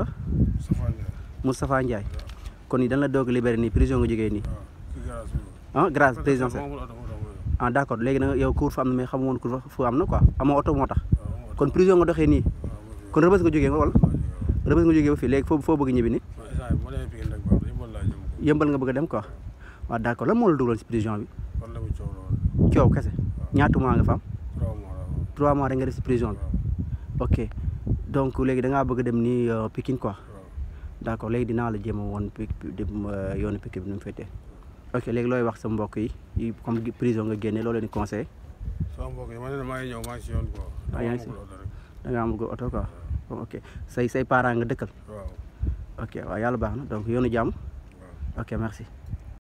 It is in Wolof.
la. Moustapha Ndiaye. kon ni dañ la doog libéré nii prison nga jógee nii. ah grâce présidentielle ah, ah d' léegi nag yow cour am na mais xamu woon cour fa am na moo tax ah, kon prison nga doxee nii ah, kon rëbës nga foo foo bëgg ñibbi nii yëmbal nga a dem quoi si prison bi coow kese ñaata mois nga fa am trois mois rek nga def si prison bi ok donc léegi da bëgg a dem ni euh, Pikine ko d' accord léegi dinaa la jéem a woon pik euh, yoonu Pikine bi nu mu féetee ok léegi looy wax sa mbokk yi comme prison nga génne loolu leen di conseillé. sama mbokk yi man de yoon quoi. ah yaa ngi si oto quoi say say parents nga dëkkal. ok waaw yàlla baax na donc yoonu jàmm. ok merci.